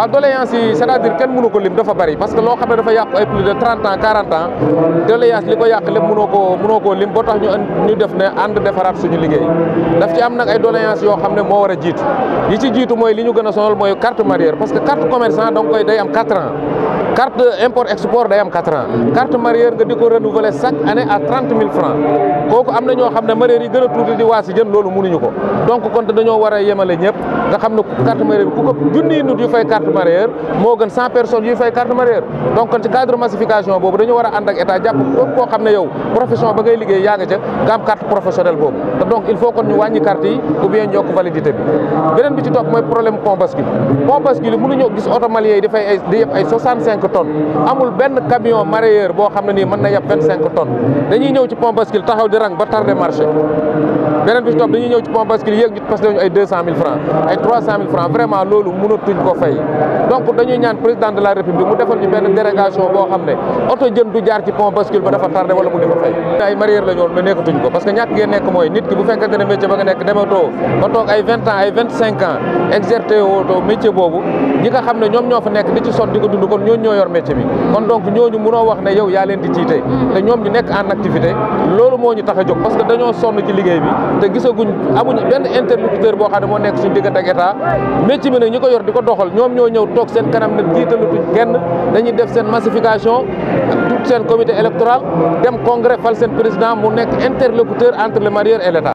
waaw doléance yi cest à kenn mënu ko lim dafa bari parce que loo xam ne dafa yàqu ay plus de trente ans ans doléance li ko yàq lépp mënoo koo lim boo tax ñu def ne ànd defaraat suñu liggéey daf ci am nag ay doléance yoo xam ne moo war a jiitu yi ci jiitu mooy li ñu gën a sonal mooy carte mareyeur parce que carte commerçant da koy day am ans carte import export day am 4 ans nga di ko renouveler chaque année à 30 000 francs kooku am na ñoo xam ne mareyeur yi gën a tuuti di waasi jën loolu mënuñu ko donc kon dañoo war a yemale ñëpp nga xam ne carte mareyeur ku ko junniy nit yu fay carte mareyeur moo gën 100 personnes yuy fay carte mareyeur donc kon ci cadre massification boobu dañoo war a ànd ak état jàpp képp koo xam ne yow profession ba ngay liggéey yaa nga ca tonnes amul benn camion mareyeur boo xam ne nii mën na yab vingt dañuy ñëw ci pont bascule taxaw di rang ba tardé marché beneen bi ci dañuy ñëw ci pont bascule yéeg ñu parce ay deux cent mille francs ay trois mille francs vraiment loolu mënatuñ ko fay donc dañuy ñaan président de la république mu defal ñu benn dérogation boo xam ne oto jën du jaar ci pont bascule ba dafa tardé wala mu di ko fay ne métier ba nga ba nekk di ko dund kon ñoo ñoo yor métier bi kon donc ñooñu mënoo wax ne yow yaa leen di jiite mm. te ñoom ñu nekk en activité loolu moo ñu tax a jóg parce que dañoo sonn ci liggéey bi te gisaguñ amuñ benn interlocuteur boo xam moo nekk suñ diggante ak état métier bi nag ñi ko yor di ko doxal ñoom ñoo ñëw toog seen kanam nag jiitalutuñ kenn dañuy def seen massification tout seen comité électoral dem congrès fal seen président mu nekk interlocuteur entre le marieur et l'état